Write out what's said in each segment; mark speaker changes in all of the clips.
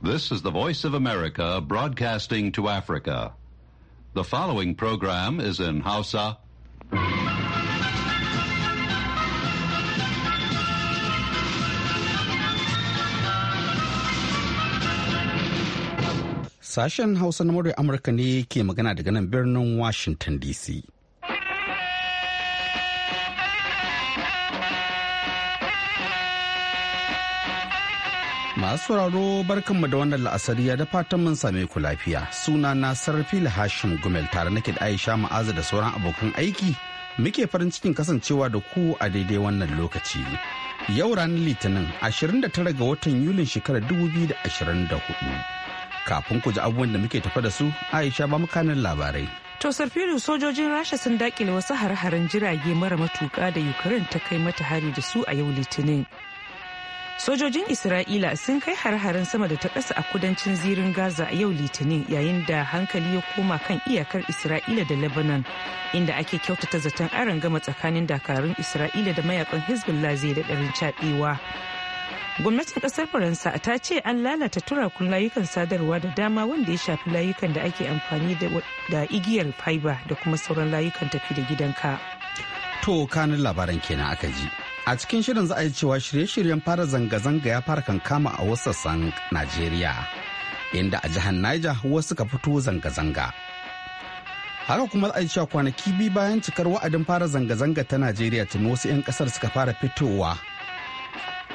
Speaker 1: This is the Voice of America broadcasting to Africa. The following program is in Hausa.
Speaker 2: Sashen Hausa na Amurka ne ke magana daga nan birnin Washington DC. Masu sauraro barkanmu da wannan la'asari ya da fatan mun same ku lafiya. Suna na Sarfil Hashim Gumel tare nake da Aisha Ma'aza da sauran abokan aiki muke farin cikin kasancewa da ku a daidai wannan lokaci. Yau ranar Litinin 29 ga watan Yulin shekarar 2024. Kafin ku ji abubuwan da muke tafa da su, Aisha ba mukanin labarai.
Speaker 3: To sarfilu sojojin Rasha sun dakile wasu har-haren jirage mara matuka da Ukraine ta kai mata hari da su a yau Litinin. sojojin isra'ila sun kai har-harin sama da ta ƙasa a kudancin zirin gaza a yau litinin yayin da hankali ya koma kan iyakar isra'ila da lebanon inda ake kyautata zaton aron gama tsakanin dakarun isra'ila da mayakan hezbollah zai da ɗarin caɗewa. gwamnatin ƙasar faransa ta ce an lalata turakun layukan sadarwa da dama wanda ya shafi layukan da ake amfani da igiyar fiber da kuma sauran layukan tafi da gidanka
Speaker 2: to kanin labaran kenan aka ji A cikin shirin za a yi cewa shirye-shiryen fara zanga-zanga ya fara kankama a wasu sassan Najeriya, inda a jihar Niger wasu ka fito zanga-zanga. Haka kuma za a yi cewa kwanaki biyu bayan cikar wa'adin fara zanga-zanga ta Najeriya tun wasu 'yan kasar suka fara fitowa.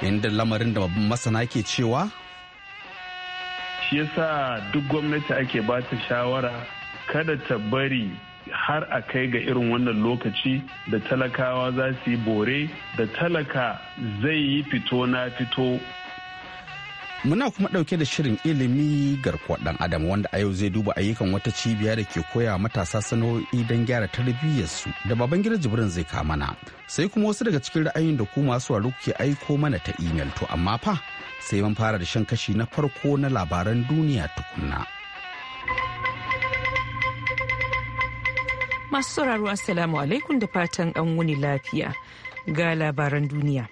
Speaker 2: Inda lamarin da babban masana ke cewa
Speaker 4: shi yasa duk gwamnati ake ba ta shawara kada ta bari har a kai ga irin wannan lokaci da talakawa za su yi bore da talaka zai yi fito na fito
Speaker 2: Muna kuma dauke da shirin ilimi garkuwar dan adam wanda a yau zai duba ayyukan wata cibiya da ke koya matasa sana'o'i don gyara tarbiyyarsu da baban gida jibrin zai kamana. Sai kuma wasu daga cikin ra'ayin da ku masu waro ke aiko mana ta imel to amma fa sai mun fara da shan kashi na farko na labaran duniya tukunna.
Speaker 3: Masu sauraro Assalamu alaikum da fatan an wuni lafiya ga labaran duniya.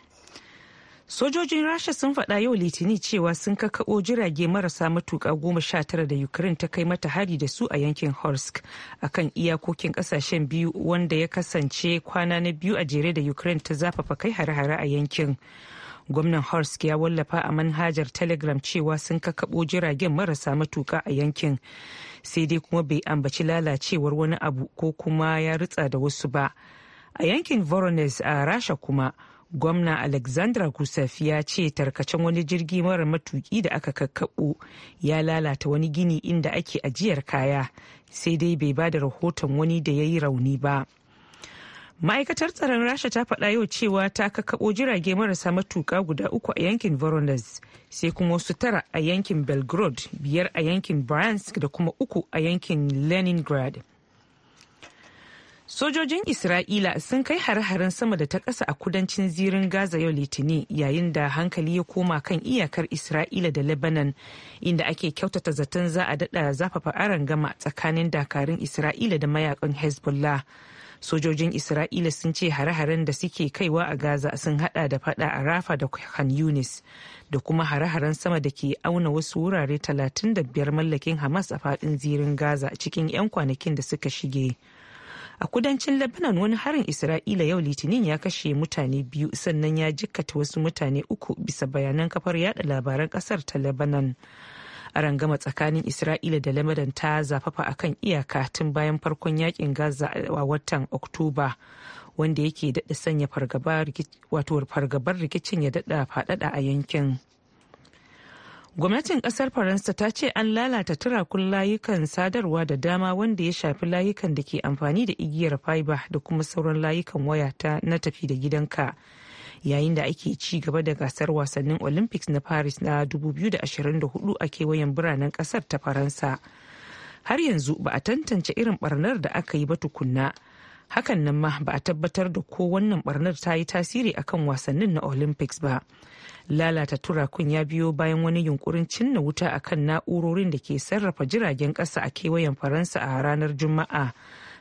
Speaker 3: Sojojin Rasha sun faɗa yau Litinin cewa sun kakaɓo jirage marasa matuka goma sha tara da Ukraine ta kai mata hari da su a yankin Horsk akan iyakokin ƙasashen biyu wanda ya kasance kwana na biyu a jere da Ukraine ta zafafa kai hare-hare a yankin. gwamnan horsk ya wallafa a manhajar telegram cewa sun kakabo jiragen marasa matuka a yankin sai dai kuma bai ambaci lalacewar wani abu ko kuma ya ritsa da wasu ba a yankin voronezh a rasha kuma gwamna alexandra gusef ya ce tarkacen wani jirgi mara matuki da aka kakkaɓo ya lalata wani gini inda ake ajiyar kaya sai dai bai ba da rahoton wani da ya yi rauni ba. ma'aikatar tsaron rasha ta faɗa yau cewa ta kakaɓo jirage marasa matuƙa guda uku a yankin voronezh sai kuma wasu tara a yankin belgrade biyar a yankin bryansk da kuma uku a yankin leningrad sojojin isra'ila sun kai har haren sama da ta ƙasa a kudancin zirin gaza yau litinin yayin da hankali ya koma kan iyakar isra'ila da lebanon inda ake kyautata zaton za a daɗa zafafa gama tsakanin dakarun isra'ila da mayakan hezbollah sojojin isra'ila sun ce hare-haren da suke kaiwa a gaza sun hada da fada a rafa da khan yunis da kuma hare-haren sama da ke auna wasu wurare 35 mallakin hamas a fadin zirin gaza cikin 'yan kwanakin da suka shige a kudancin lebanon wani harin isra'ila yau litinin ya kashe mutane biyu sannan ya jikkata wasu mutane uku bisa bayanan kafar yada labaran kasar ta lebanon a rangama tsakanin isra'ila da lamadan ta zafafa akan iyaka tun bayan farkon yakin gaza a watan oktoba wanda yake daɗa sanya fargabar rikicin ya daɗa faɗaɗa a yankin gwamnatin ƙasar faransa ta ce an lalata turakun layukan sadarwa da dama wanda ya shafi layukan da ke amfani da igiyar fiber da kuma sauran layukan waya na tafi da gidanka yayin da ake ci gaba da gasar wasannin olympics na paris na 2024 a kewayen biranen kasar ta faransa har yanzu ba a tantance irin barnar da aka yi ba tukunna hakan nan ma ba a tabbatar da ko wannan barnar ta yi tasiri akan wasannin na olympics ba lalata turakun ya biyo bayan wani yunkurin cinna wuta akan na'urorin da ke sarrafa jiragen kasa a kewayen faransa a ranar juma'a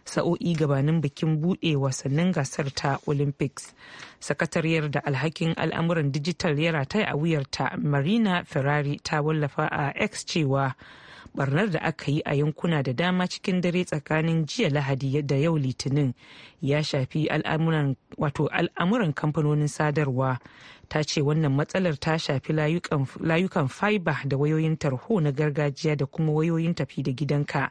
Speaker 3: sa'o'i gabanin bikin buɗe wasannin gasar ta olympics sakatariyar da alhakin al'amuran dijital ya ta a wuyarta marina ferrari ta wallafa a x cewa barnar da aka yi a yankuna da dama cikin dare tsakanin jiya lahadi da yau litinin ya shafi al'amuran kamfanonin sadarwa ta ce wannan matsalar ta shafi layukan fiber da wayoyin tarho na gargajiya da kuma wayoyin tafi da gidanka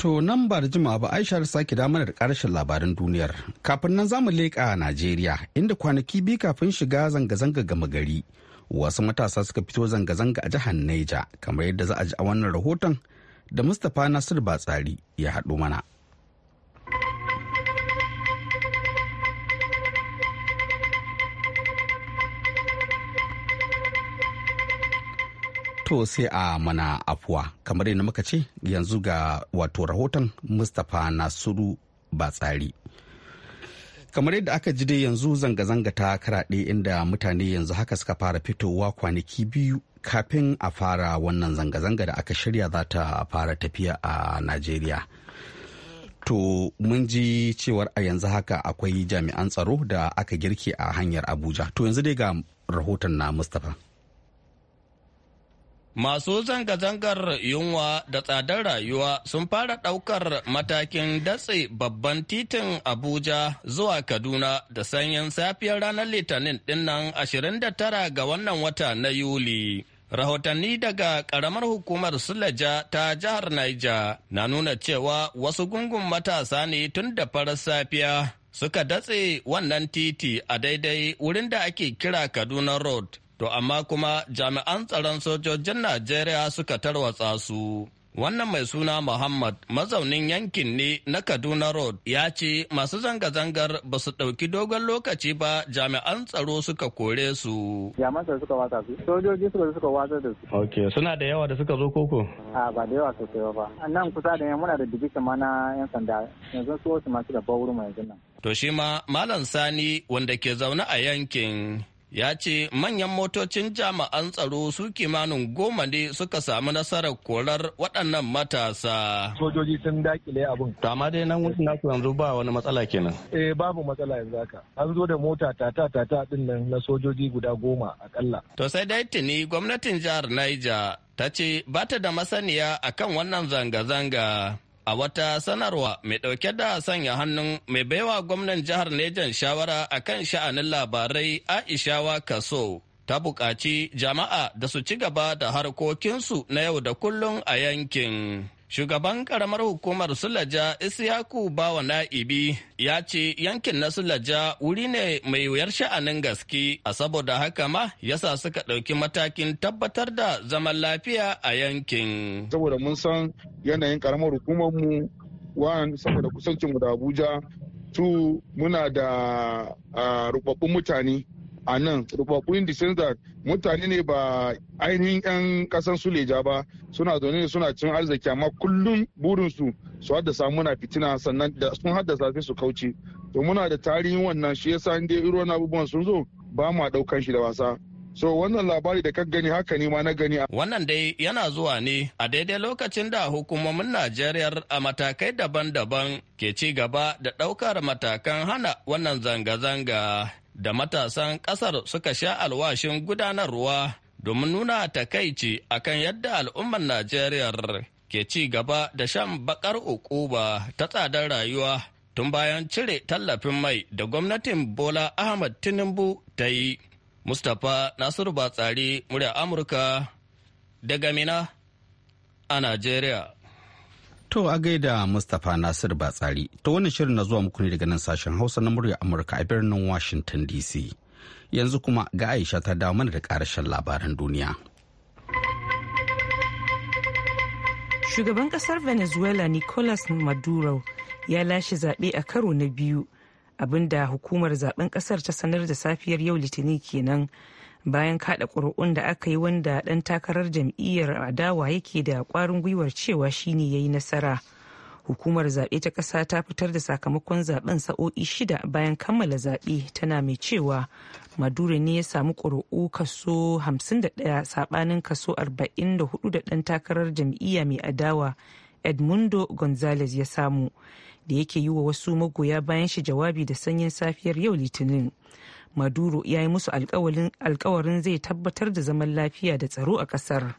Speaker 2: To nan ba da jima'a ba Aisha ta sake damar da karshen labaran duniyar. Kafin nan zamu leƙa a Najeriya inda kwanaki biyu kafin shiga zanga-zanga gama gari. Wasu matasa suka fito zanga-zanga a jihar Neja kamar yadda za a ji a wannan rahoton da Mustapha Nasir Batsari ya haɗo mana. to sai a mana afuwa kamar yadda muka ce yanzu ga wato rahoton mustapha nasiru batsari kamar yadda aka ji dai yanzu zanga-zanga ta karaɗe inda mutane yanzu haka suka fara fitowa kwanaki biyu kafin a fara wannan zanga-zanga da aka shirya za ta fara tafiya a najeriya to mun ji cewar a yanzu haka akwai jami'an tsaro da aka girke a hanyar abuja to yanzu dai ga rahoton na mustapha
Speaker 5: Masu zanga-zangar yunwa da tsadar rayuwa sun fara ɗaukar matakin datse babban titin Abuja zuwa Kaduna da sanyin safiyar ranar Litinin ɗinnan 29 ga wannan wata na Yuli. Rahotanni daga ƙaramar hukumar Suleja ta jihar Naija na nuna cewa wasu gungun matasa ne tun da farar safiya suka datse wannan titi a daidai wurin da ake kira Kaduna Road. To amma kuma jami'an tsaron sojojin Najeriya suka tarwatsa su. Wannan mai suna Muhammad mazaunin yankin ne na Kaduna Road ya ce masu zanga-zangar ba su ɗauki dogon lokaci ba jami'an tsaro suka kore su. Jami'an tsaro suka wata
Speaker 6: su, sojoji suka suka wata da su.
Speaker 5: Ok, suna da yawa da suka zo koko?
Speaker 6: A ba da yawa sosai ba. Nan kusa da muna da dibi mana na 'yan sanda yanzu su wasu masu da bauru mai zina.
Speaker 5: To shi ma Malam Sani wanda ke zaune a yankin ya ce manyan motocin jami'an tsaro su kimanin goma ne suka samu nasarar korar waɗannan matasa. Sojoji sun dakile abin. Tama dai nan wasu nasu yanzu ba wani matsala kenan. Eh babu matsala yanzu haka. An zo da mota tata tata din nan na sojoji guda goma akalla. To sai dai tuni gwamnatin jihar Niger ta ce ba ta da masaniya akan wannan zanga-zanga. A wata sanarwa mai ɗauke da sanya hannun mai baiwa gwamnan jihar Nejan shawara a kan sha'anin labarai Aishawa Kaso ta buƙaci jama'a da su ci gaba da harkokinsu na yau da kullum a yankin. Shugaban karamar hukumar Sulaja Isiyaku Bawa Na'ibi ya ce yankin na Sulaja wuri ne mai wuyar sha'anin gaske, a saboda haka ma yasa suka ɗauki matakin tabbatar da zaman lafiya a yankin.
Speaker 4: Saboda mun san yanayin karamar hukumar mu, wan saboda kusancinmu da Abuja, tu muna da ah, rubabbun mutane a nan rubabu in mutane ne ba ainihin 'yan kasan suleja ba suna zaune ne suna cin arziki amma kullum burinsu su haddasa muna fitina sannan da sun haddasa sai su kauce to muna da tarihin wannan shi yasa inda irin abubuwan sun zo ba ma daukan shi da wasa So wannan labari da ka gani haka ne ma na gani.
Speaker 5: Wannan dai yana zuwa ne a daidai lokacin da hukumomin Najeriya a matakai daban-daban ke ci gaba da ɗaukar matakan hana wannan zanga-zanga. da matasan ƙasar suka sha alwashin gudanarwa domin nuna takaici akan yadda al'ummar Najeriya ke ci gaba da shan bakar ukuba ta tsadar rayuwa tun bayan cire tallafin mai da gwamnatin Bola Ahmad Tinubu ta yi. Mustapha Nasiru Batsari, murya Amurka, daga Mina a Najeriya.
Speaker 2: To a gaida Mustapha Nasir Batsari, ta wani shirin na zuwa muku ne daga nan sashen Hausa na murya Amurka a birnin Washington DC. Yanzu kuma ga Aisha ta dawo mana da karashen
Speaker 3: labaran duniya. Shugaban kasar Venezuela Nicolas Maduro ya lashe zaɓe a karo na biyu abinda hukumar zaben ƙasar ta sanar da safiyar yau litinin kenan. bayan kada ƙuri'un da aka yi wanda ɗan takarar jam'iyyar adawa yake da ƙwarin gwiwar cewa shine ya yi nasara hukumar zaɓe ta ƙasa ta fitar da sakamakon zaɓen sa'o'i shida bayan kammala zaɓe tana mai cewa madura ne ya samu ƙuri'u kaso 51 saɓanin kaso 44 da ɗan takarar jam'iyya mai adawa edmundo gonzalez ya samu da yake yi wa wasu magoya bayan shi jawabi da sanyin safiyar yau litinin maduro ya yi musu alkawarin zai tabbatar da zaman lafiya da tsaro a kasar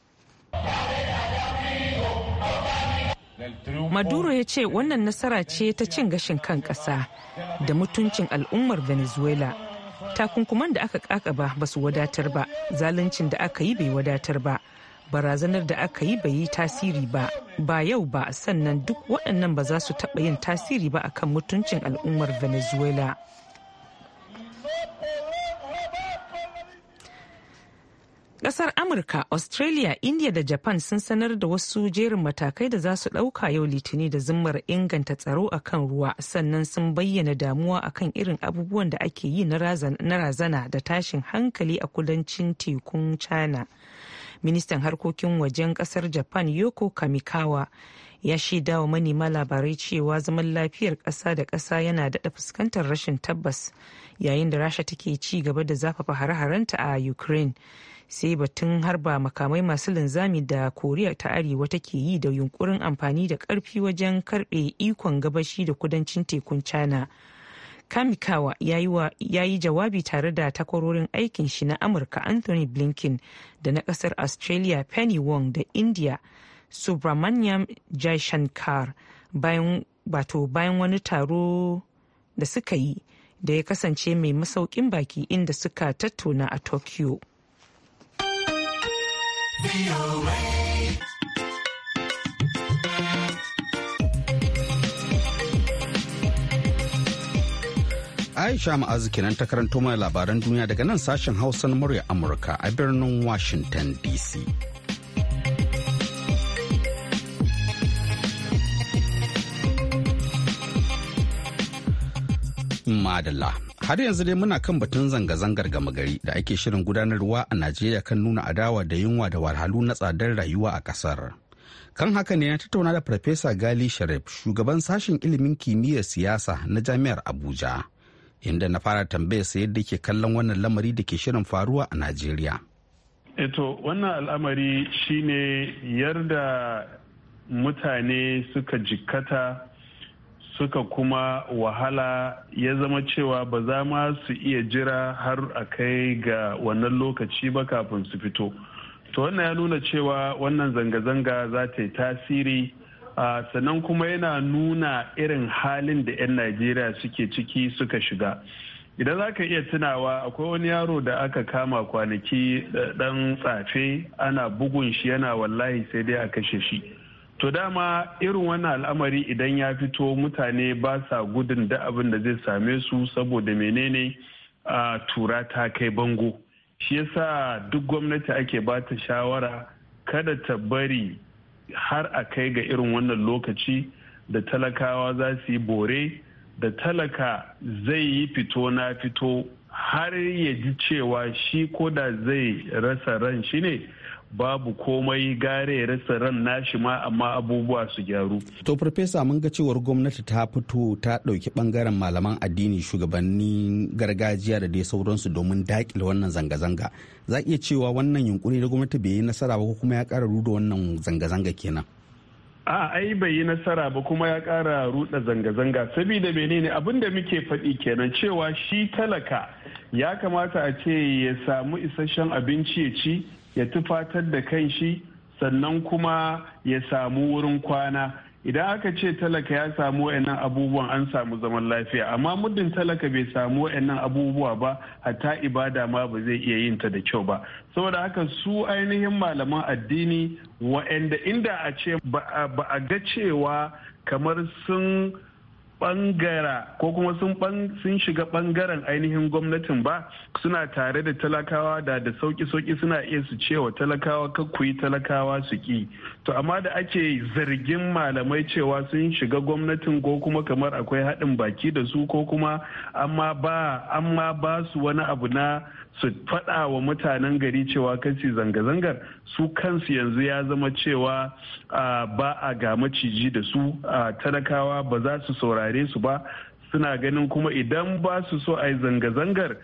Speaker 3: maduro ya ce wannan nasara ce ta cin gashin kan kasa da mutuncin al'ummar venezuela takunkuman da aka kakaba ba su wadatar ba zaluncin da aka yi bai wadatar ba barazanar da aka yi bai yi tasiri ba ba yau ba sannan duk waɗannan ba za su taɓa yin tasiri ba akan mutuncin al'ummar venezuela Ƙasar Amurka, Australia, India da Japan sun sanar da wasu jerin matakai da za su ɗauka yau litini da zimmar inganta tsaro a kan ruwa sannan sun bayyana damuwa a kan irin abubuwan da ake yi na razana da tashin hankali a kudancin tekun China. Ministan harkokin wajen ƙasar Japan Yoko Kamikawa ya shaida wa manema labarai cewa zaman lafiyar ƙasa da ƙasa yana daɗa fuskantar rashin tabbas yayin da rasha take ci gaba da zafafa hare-harenta a Ukraine. sai batun harba makamai masu linzami da koriya ta arewa take yi da yunkurin amfani da karfi wajen karbe ikon gabashi da kudancin tekun china kamikawa ya yi jawabi tare da takwarorin aikin shi na amurka anthony blinken da na kasar australia penny wong da india subramanyam jaishankar bayan bato bayan wani taro da suka yi da ya kasance mai masaukin baki inda suka tattauna a tokyo
Speaker 2: Aisha Ma'azu kenan ta karanto mana labaran duniya daga nan sashen Hausa na murya Amurka a birnin Washington DC. madalla. Har yanzu dai muna kan batun zanga-zangar gama gari da ake shirin gudanarwa a Najeriya kan nuna adawa da yunwa da wahalhalu na tsadar rayuwa a kasar. Kan haka ne na tattauna da Farfesa Gali Sharif, shugaban sashen ilimin kimiyyar siyasa na Jami'ar Abuja, inda na fara tambaya sa yadda ke kallon wannan lamari da ke shirin faruwa a Najeriya.
Speaker 4: Eto, eh wannan al'amari shine yarda mutane suka jikkata suka kuma wahala ya zama cewa ba za ma su iya jira har a kai ga wannan lokaci ba kafin su fito to wannan ya nuna cewa wannan zanga-zanga za ta yi tasiri uh, sannan kuma yana nuna irin halin da 'yan najeriya suke ciki suka shiga idan za ka iya tunawa akwai wani yaro da aka kama kwanaki dan tsafe ana bugun shi yana wallahi sai dai a kashe shi to dama irin wannan al'amari idan ya fito mutane ba sa gudun da abin da zai same su saboda menene a tura ta kai bango shi yasa duk gwamnati ake ba ta shawara kada ta bari har a kai ga irin wannan lokaci da talakawa za su yi bore da talaka zai yi fito na fito har ya ji cewa shi koda zai rasa ran shi ne babu komai gare ya rasa ran nashi ma amma abubuwa su gyaru.
Speaker 2: To farfesa mun ga cewar gwamnati ta fito ta ɗauki ɓangaren malaman addini shugabannin gargajiya da dai sauransu domin daƙile wannan zanga-zanga. Za iya cewa wannan yunkuri da gwamnati bai yi nasara ba ko kuma ya ƙara ruda wannan zanga-zanga kenan.
Speaker 4: a ai bai yi nasara ba kuma ya ƙara ruda zanga-zanga saboda menene abin da muke faɗi kenan cewa shi talaka ya kamata a ce ya samu isasshen abinci ya ci ya tufatar da kan shi sannan kuma ya samu wurin kwana idan aka ce talaka ya samu wa'annan abubuwan an samu zaman lafiya amma muddin talaka bai samu wa'annan abubuwa ba hatta ibada ma ba zai iya yin ta da kyau ba saboda haka su ainihin malaman addini wa'anda inda a ce ba a ga cewa kamar sun bangara ko kuma sun shiga bangaren ainihin gwamnatin ba suna tare da talakawa da da sauki-sauki suna iya su cewa talakawa ka ku yi talakawa su ki to amma da ake zargin malamai cewa sun shiga gwamnatin ko kuma kamar akwai haɗin baki da su ko kuma amma ba su wani abu na su faɗa wa mutanen gari cewa kansu zanga-zangar su kansu yanzu ya zama cewa ba a ga maciji da su talakawa ba za su saurare su ba suna ganin kuma idan ba su so a yi zanga-zangar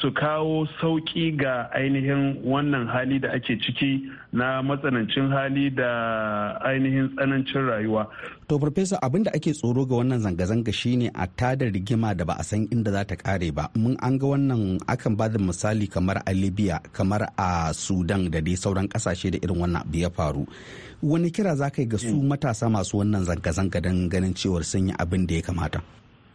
Speaker 4: su kawo sauƙi ga ainihin wannan hali da ake ciki na matsanancin hali da ainihin tsanancin rayuwa.
Speaker 2: To, Farfesa, abin da ake tsoro ga wannan zanga-zanga shine a tada rigima da ba a san inda za ta kare ba. Mun an ga wannan akan ba da misali kamar a Libya, kamar a Sudan da dai sauran kasashe da irin wannan abu ya faru. Wani kira za ka yi ga su hmm. matasa masu wannan zanga-zanga don ganin cewar sun yi abin da ya kamata?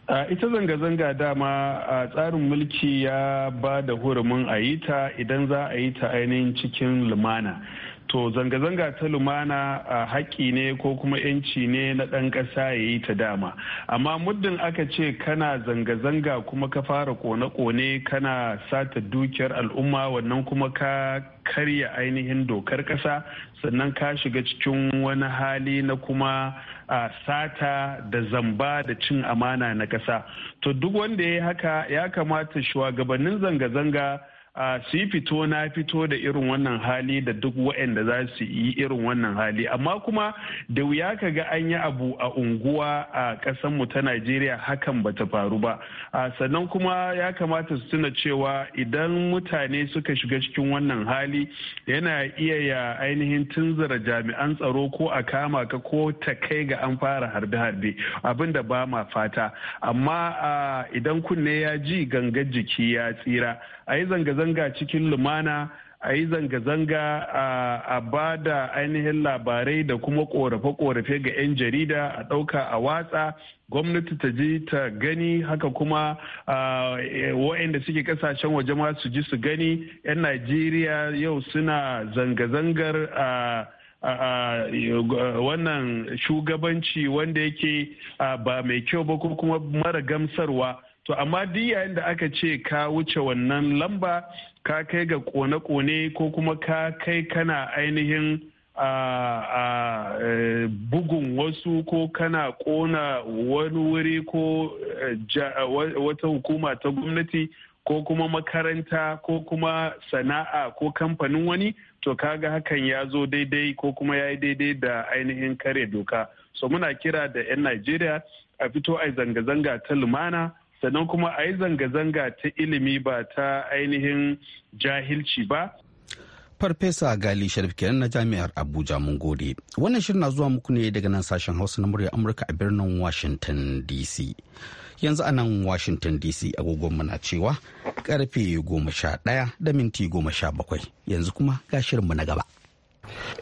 Speaker 4: ita zanga-zanga dama a tsarin mulki ya ba da hurumin a yi ta idan za a yi ta ainihin cikin lumana to zanga-zanga ta lumana a haƙƙi ne ko kuma 'yanci ne na ɗan ƙasa ya yi ta dama amma muddin aka ce kana zanga-zanga kuma ka fara kone-kone kana sata dukiyar al'umma wannan kuma ka karya ainihin dokar ƙasa sannan ka shiga cikin wani hali na kuma a sata da zamba da cin amana na ƙasa to duk wanda ya haka ya kamata shugabannin zanga-zanga a su yi fito na fito da irin wannan hali da duk waɗanda za su yi irin wannan hali amma kuma da wuya ka ga an yi abu a unguwa a ƙasanmu ta najeriya hakan ba ta faru ba sannan kuma ya kamata su tuna cewa idan mutane suka shiga cikin wannan hali yana iya ya ainihin tunzura jami'an tsaro ko a kama ka ko ta kai ga an fara harbe-harbe abin da ba ma fata amma idan kunne ya ji gangar jiki ya tsira a yi zanga-zanga zanga-zanga cikin lumana a yi zanga-zanga a ba da ainihin labarai da kuma korafe-korafe ga 'yan jarida a ɗauka a watsa gwamnati ta ji ta gani haka kuma waɗanda suke kasashen waje ma su ji su gani 'yan najeriya yau suna zanga-zangar wannan shugabanci wanda yake ba mai kyau ba kuma mara gamsarwa. to amma duk yayin da aka ce ka wuce wannan lamba ka kai ga kone-kone ko kuma ka kai kana ainihin a e, bugun wasu ko kana kona wani wuri ko e, wata hukuma ta gwamnati ko kuma makaranta ko kuma sana'a ko kamfanin wani to kaga hakan ya zo daidai ko kuma ya yi daidai da ainihin kare doka so muna kira da 'yan najeriya a fito a zanga-zanga ta lumana sannan kuma a yi zanga-zanga ta ilimi ba ta ainihin jahilci ba.
Speaker 2: Farfesa Gali Sharif kenan na Jami'ar Abuja mun gode. Wannan shirin na zuwa muku ne daga nan sashen Hausa na murya Amurka a birnin Washington DC. Yanzu a nan Washington DC agogon na cewa karfe goma ɗaya da minti goma sha bakwai. Yanzu kuma ga shirinmu na gaba.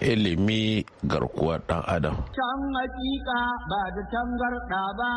Speaker 2: ilimi garkuwar ɗan adam. Can hakika ba da tangarɗa ba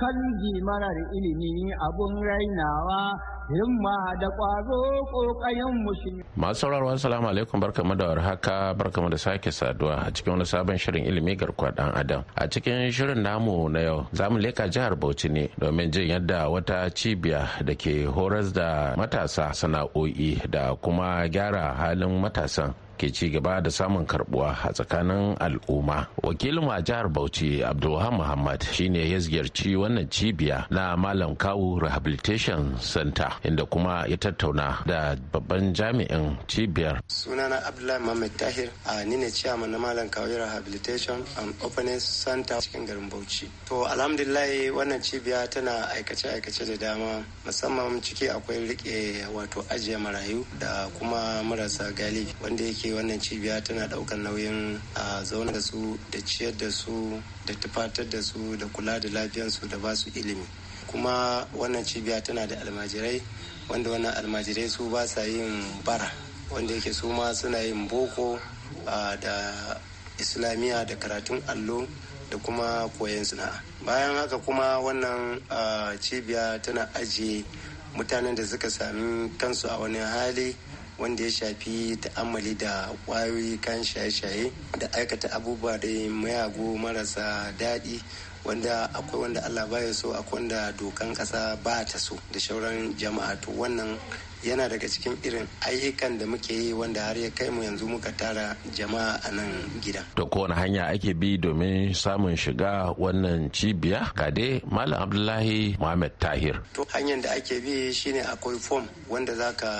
Speaker 2: kan marar ilimi abun rainawa himma da ƙwazo ƙoƙayen musulmi.
Speaker 1: Masu sauraro assalamu alaikum barkamu da warhaka barkamu da sake saduwa a cikin wani sabon shirin ilimi garkuwar ɗan adam. A cikin shirin namu na yau za mu leƙa jihar Bauchi ne domin jin yadda wata cibiya da ke horas da matasa sana'o'i da kuma gyara halin matasan ke ci gaba da samun karbuwa a tsakanin al'umma wakilin a jihar bauchi abdulwahab muhammad shine ya ziyarci wannan cibiya na malam kawu rehabilitation center inda kuma ya tattauna da babban jami'in cibiyar
Speaker 6: sunana abdullahi muhammad tahir a nina ne ciyama na malam kawu rehabilitation and opening center cikin garin bauchi to alhamdulillah wannan cibiya tana aikace-aikace da dama musamman ciki akwai rike wato ajiye marayu da kuma marasa galibi wanda yake ke wannan cibiya tana daukan nauyin a zaune da su da ciyar da su da tufatar da su da kula da lafiyarsu da ba su ilimi kuma wannan cibiya tana da almajirai wanda wannan almajirai su ba sa yin bara wanda yake su ma suna yin boko da islamiyya da karatun allo da kuma koyon sana'a bayan haka kuma wannan cibiya tana ajiye mutanen da suka sami kansu a wani hali wanda ya shafi ta'amali da kwayoyi kan shaye-shaye da aikata abubuwa da mayago marasa daɗi wanda akwai wanda Allah baya so akwai wanda dokan ƙasa ba ta so da shauran jama'a to wannan yana daga cikin irin ayyukan da muke yi wanda har ya kai mu yanzu muka tara jama'a a nan gida.
Speaker 1: To kowane hanya ake bi domin samun shiga wannan cibiya ga dai Malam Abdullahi Muhammad Tahir.
Speaker 6: To hanyar da ake bi shine akwai fom wanda zaka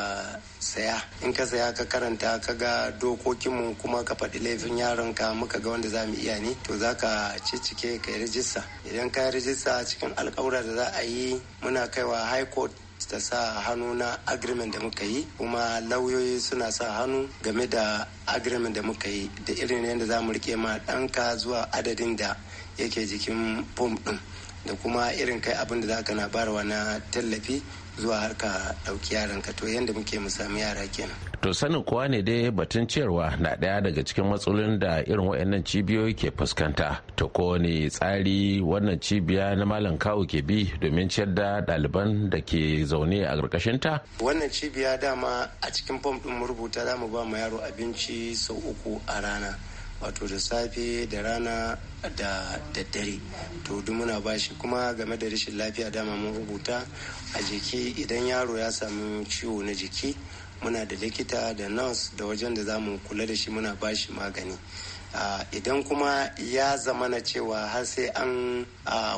Speaker 6: saya in ka saya ka karanta ka ga dokokinmu kuma ka faɗi laifin yaron ka muka ga wanda za mu iya ne to za ka ciccike ka yi rijista idan ka yi rijista cikin alkawura da za a yi muna kaiwa high court ta sa hannu na agreement da muka yi kuma lauyoyi suna sa hannu game da agreement da muka yi da irin yadda za mu rike ma ɗanka zuwa adadin da yake jikin fom ɗin da kuma irin kai abin da za ka na barwa na tallafi zuwa har ka ɗauki ka to yadda muke mu sami yara kenan.
Speaker 1: To sanin kowa ne dai batun ciyarwa na ɗaya daga cikin matsalolin da irin waɗannan cibiyoyi ke fuskanta. To kowane tsari wannan cibiya na Malam Kawu ke bi domin ciyar da ɗaliban da ke zaune a ƙarƙashinta?
Speaker 6: Wannan cibiya dama a cikin fom ɗin mu rubuta za mu ba mu yaro abinci sau uku a rana. wato da safe da rana da daddare to duk muna bashi kuma game da rashin lafiya dama mun rubuta a jiki idan yaro ya samu ciwo na jiki muna da likita da nurse da wajen da za mu kula da shi muna bashi magani idan kuma ya zamana cewa har sai an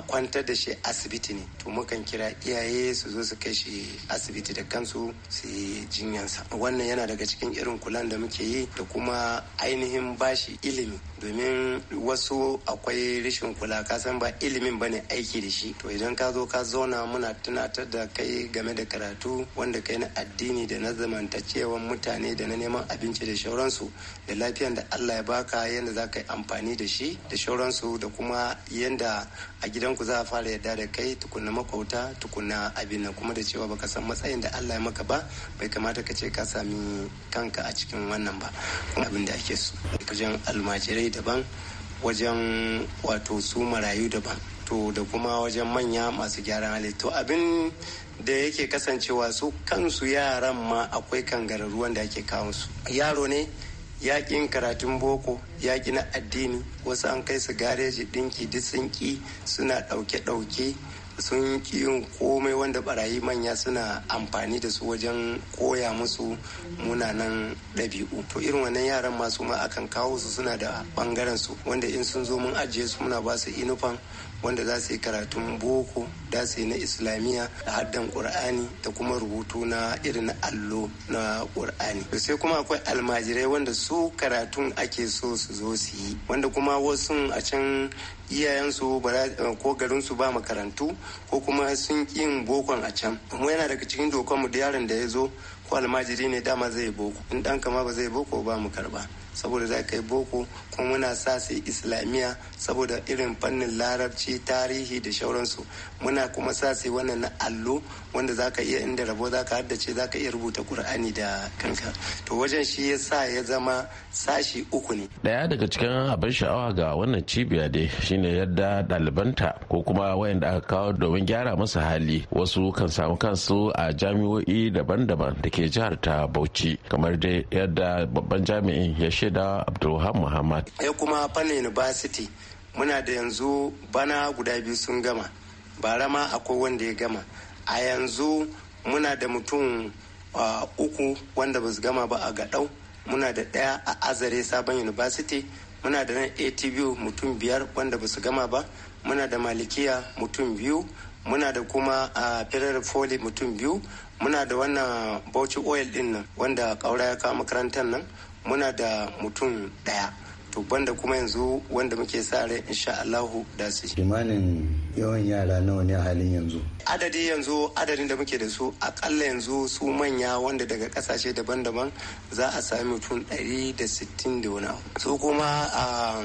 Speaker 6: kwantar da shi asibiti ne to mukan kira iyaye su zo su kai shi asibiti da kansu su yi jinyansa wannan yana daga cikin irin kulan da muke yi da kuma ainihin bashi ilimi domin wasu akwai rashin kula kasan ba ilimin ba ne aiki da shi to idan ka zo ka zauna muna tunatar da kai game da karatu wanda kai na addini da na zamantacewan mutane da na neman abinci da shauransu da lafiyan da allah ya baka yana yadda za ka yi amfani da shi da shauransu da kuma yadda a gidanku za a fara yadda da kai tukuna makwauta tukuna abin nan kuma da cewa baka san matsayin da Allah ya maka ba bai kamata ka ce ka sami kanka a cikin wannan ba abin da ake so wajen almajirai daban wajen wato su marayu daban to da kuma wajen manya masu gyaran hali to abin da yake kasancewa su kansu yaran ma akwai kangararruwan da ake kawo su yaro ne yaƙin karatun boko yaƙi na addini wasu an kai su gareji dinki duk sun ƙi suna ɗauke-ɗauke sun ƙi yin komai wanda barayi manya suna amfani da su wajen koya musu munanan ɗabi'u to irin wannan yaran masu ma akan kawo su suna da ɓangaren su wanda in sun zo mun ajiye su muna ba su inufan wanda za su yi karatun boko da su yi na islamiyya da haddan qur'ani da kuma rubutu na irin allo na qur'ani to sai kuma akwai almajirai wanda su karatun ake so su zo su yi wanda kuma wasu a can iyayensu eh, ko garinsu ba makarantu ko kuma sun yin bokon a can kuma yana daga cikin mu da yaron da ya zo ko almajiri ne dama zai boko in ɗan kama ba zai boko ba mu karba saboda za ka yi boko kuma muna sa su islamiyya saboda irin fannin larabci tarihi da shauransu muna kuma sa su wannan na allo wanda za ka iya inda rabo za ka haddace za ka iya rubuta kur'ani da kanka to wajen shi ya sa ya zama sashi uku ne
Speaker 1: daya daga cikin abin sha'awa ga wannan cibiya dai shine yadda ɗalibanta ko kuma wayanda aka kawo domin gyara musu hali wasu kan samu kansu a jami'o'i daban-daban da ke jihar ta bauchi kamar dai yadda babban jami'in ya shirya da abdulwahab muhammad
Speaker 6: ya kuma fannin university muna da yanzu bana guda biyu sun gama bara ma akwai wanda ya gama a yanzu muna da mutum uku wanda ba su gama ba a gaɗau muna da ɗaya a azare sabon university muna da nan ATV mutum biyar wanda ba su gama ba muna da malikiya mutum biyu muna da kuma a firar foli mutum biyu muna da wannan bauchi oil din nan wanda kaura ya kawo makarantar nan muna da mutum ɗaya to banda kuma yanzu wanda muke sa rai insha Allahu da su kimanin yawan yara nawa ne a halin yanzu adadi yanzu adadin da muke da su akalla yanzu su manya wanda daga kasashe daban-daban za a sami mutum 160 da wani su kuma a ah,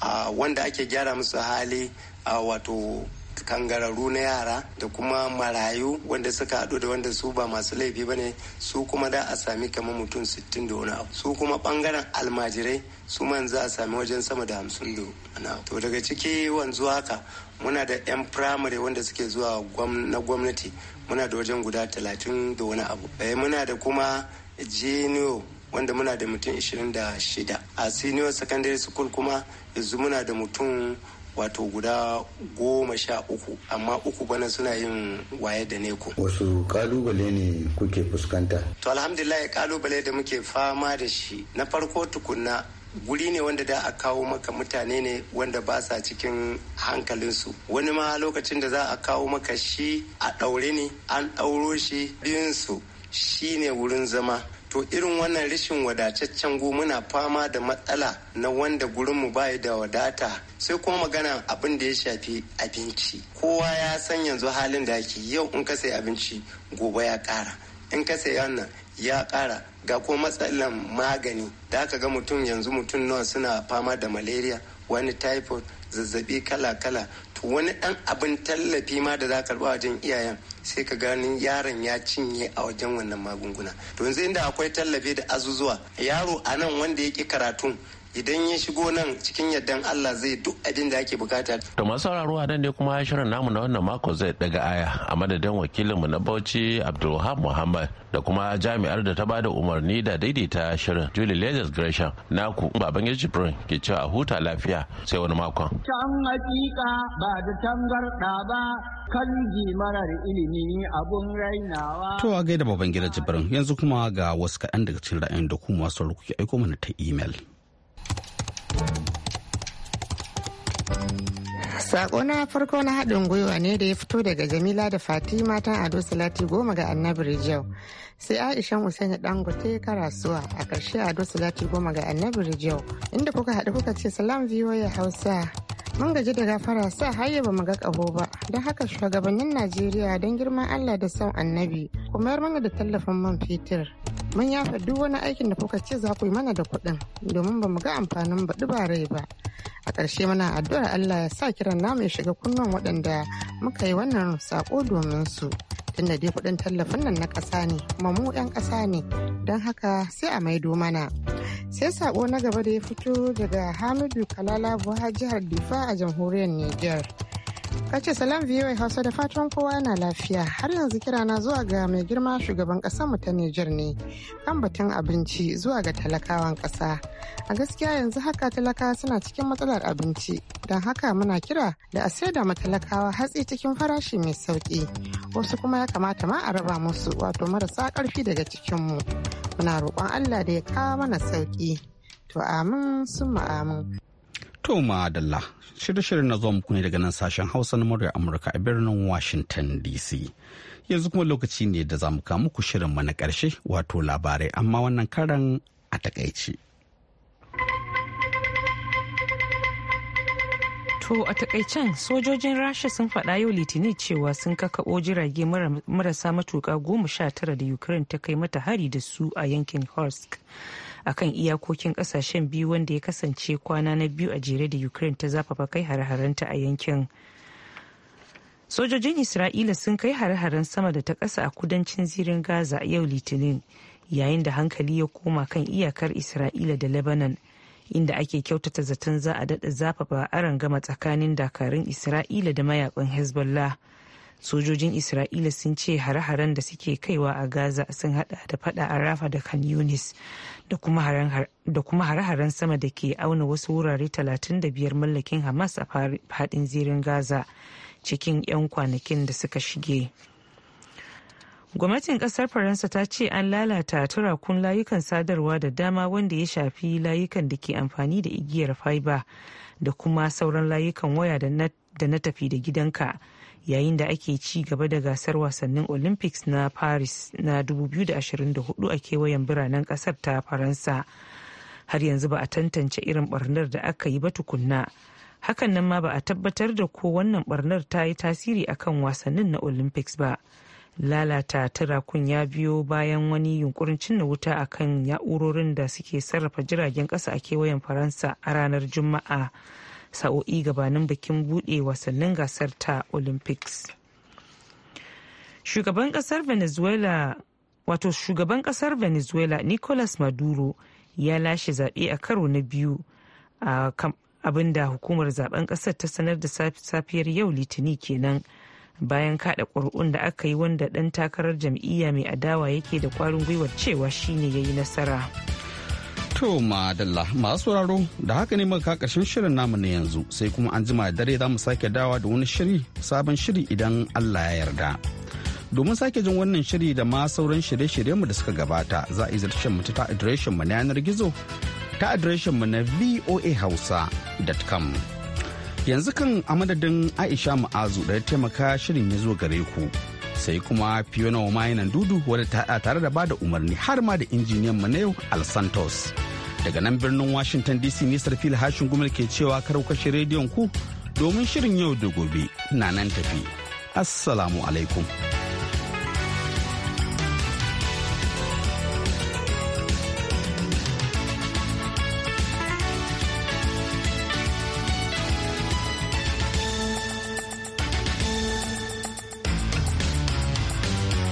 Speaker 6: ah, wanda ake gyara musu hali ah, wato kangararru na yara da kuma marayu wanda suka haɗu da wanda su ba masu laifi ba ne su kuma da a sami kamar mutum sittin da wani abu su kuma ɓangaren almajirai su man za a sami wajen sama da hamsin da wani to daga ciki wanzu haka muna da 'yan firamare wanda suke zuwa na gwamnati muna da wajen guda talatin da wani abu eh, muna da kuma jeniyo wanda muna da mutum 26 a senior secondary school kuma yanzu muna da mutum wato guda goma sha uku amma uku bana suna yin waye da neko.
Speaker 7: Wasu
Speaker 2: kalubale ne kuke fuskanta?
Speaker 6: To alhamdulillah kalubale da muke fama da shi na farko tukunna guri ne wanda da a kawo maka mutane ne wanda ba sa cikin hankalinsu wani ma lokacin da za a kawo maka shi a ɗaure ne an ɗauro shi biyunsu shi ne wurin zama to irin wannan rashin wadataccen gu muna fama da matsala na wanda gurinmu bayi da wadata sai kuma magana abin da ya shafi abinci kowa ya san yanzu halin da ake yau in ka sai abinci gobe ya ƙara in ka sai wannan ya ƙara ga ko matsalan magani da aka ga mutum yanzu mutum nawa suna fama da malaria wani typhoid zazzabi kala-kala to wani ɗan abin tallafi ma da za ka karɓa wajen iyayen sai ka ganin yaron ya cinye a wajen wannan magunguna to yanzu inda akwai tallafi da azuzuwa yaro a nan wanda ya yake karatun idan ya shigo nan cikin yardan Allah zai duk abin da ake bukata.
Speaker 1: To masu sauraro a nan ne kuma shirin namu na wannan mako zai daga aya a madadin wakilinmu na Bauchi Abdulwahab Muhammad da kuma jami'ar da ta ba da umarni da daidaita shirin Julie Lagos Gresham naku baban ya jibrin ke cewa a huta lafiya sai wani makon.
Speaker 4: Can
Speaker 2: hakika ba da tangarda ba kan marar ilimi abun rainawa. To a gaida baban gida jibrin yanzu kuma ga wasu kaɗan daga cikin ra'ayin da kuma masu rukuki aiko mana ta imel.
Speaker 7: Sako na farko na haɗin gwiwa ne da ya fito daga Jamila da Fatima ta Ado Salati goma ga Annabi Rijau. Sai Aisha Usaini Dangote Karasuwa a ƙarshe Ado Salati goma ga Annabi Rijau. Inda kuka haɗu kuka ce salam ya Hausa. Mun gaji da gafara sa hayya ba mu ga ƙaho ba, don haka shugabannin Najeriya don girman Allah da son annabi, kuma yar mana da tallafin man fetur. Mun yafa duk wani aikin da kuka ce za ku yi mana da kuɗin, domin ba mu ga amfanin baɗi ba rai ba. A ƙarshe muna addu'ar Allah ya sa kiran namu ya shiga kunnan waɗanda muka yi wannan saƙo domin su. tunda dai kuɗin tallafin nan na ƙasa ne, kuma mu 'yan ƙasa ne, don haka sai a maido mana. sai sako na gaba da ya fito daga hamidu kalala buha jihar difa a jamhuriyar niger kace ce salam VOA Hausa da fatan kowa yana lafiya har yanzu kira na zuwa ga mai girma shugaban mu ta Nijar ne kan batun abinci zuwa ga talakawan kasa A gaskiya yanzu haka talakawa suna cikin matsalar abinci don haka muna kira da a saida ma talakawa hatsi cikin farashi mai sauƙi wasu kuma ya kamata ma a raba musu wato marasa karfi daga cikin mu Muna roƙon Allah da ya kawo mana sauƙi. To amin sun amin.
Speaker 2: To Madalla, shirye shirye na zuwa muku ne daga nan sashen Hausa na murya Amurka a birnin Washington DC. Yanzu kuma lokaci ne da za mu kawo muku shirin na ƙarshe wato labarai amma wannan karan a takaice.
Speaker 3: To a takaicen sojojin Rasha sun faɗa yau Litinin cewa sun kakaɓo jirage marasa matuka goma sha tara da Ukraine ta kai mata hari da su a yankin Horsk. a kan iyakokin kasashen biyu wanda ya kasance kwana na biyu a jere da ukraine ta zafafa kai har harenta a yankin sojojin isra'ila sun kai hare-haren sama da ta kasa a kudancin zirin gaza yau litinin yayin da hankali ya koma kan iyakar isra'ila da lebanon inda ake kyautata zaton za a daɗa zafafa gama tsakanin dakarun isra'ila da mayakan hezbollah sojojin isra'ila sun ce hare-haren da suke kaiwa a gaza sun hada da fada a rafa da kan yunis da kuma hare-haren sama da ke auna wasu wurare 35 mallakin hamas a fadin zirin gaza cikin 'yan kwanakin da suka shige gwamnatin kasar faransa ta ce an lalata turakun layukan sadarwa da dama wanda ya shafi layukan da ke amfani da igiyar fiber da kuma sauran layukan waya da na da na tafi da gidanka yayin da ake ci gaba da gasar wasannin olympics na paris na 2024 a kewayen biranen kasar ta faransa har yanzu ba a tantance irin barnar da aka yi ba tukunna hakan nan ma ba a tabbatar da ko wannan barnar ta yi tasiri akan wasannin na olympics ba lalata turakun ya biyo bayan wani yunkurin cinna wuta akan yaurorin da suke sarrafa jiragen kasa a kewayen faransa a ranar juma'a sa'o'i gabanin bikin bude wasannin gasar ta olympics shugaban kasar venezuela wato shugaban kasar venezuela nicolas maduro ya lashe zaɓe a karo na biyu a abinda hukumar zaben kasar ta sanar da safiyar yau litini kenan bayan kada ƙuri'un da aka yi wanda ɗan takarar jam'iyya mai adawa yake da kwarin gwiwar cewa shine ya yi nasara. To
Speaker 2: madalla masu sauraro da haka ne muka karshen shirin namu na yanzu sai kuma an jima dare za mu sake dawa da wani shiri sabon shiri idan Allah ya yarda. Domin sake jin wannan shiri da ma sauran shirye-shirye mu da suka gabata za a izarce mu ta adireshin mu na yanar gizo ta adireshin mu na voahausa.com. Yanzu kan a madadin Aisha Ma'azu da ya taimaka shirin ya zo gare ku. sai kuma fiona wa mayanan dudu wadda ta tare da bada umarni har ma da injiniyan mu na yau al santos Daga nan birnin Washington DC Nisar Fil Hashin Gumel ke cewa kar kashe rediyon ku domin shirin yau da gobe na nan tafi. Assalamu alaikum.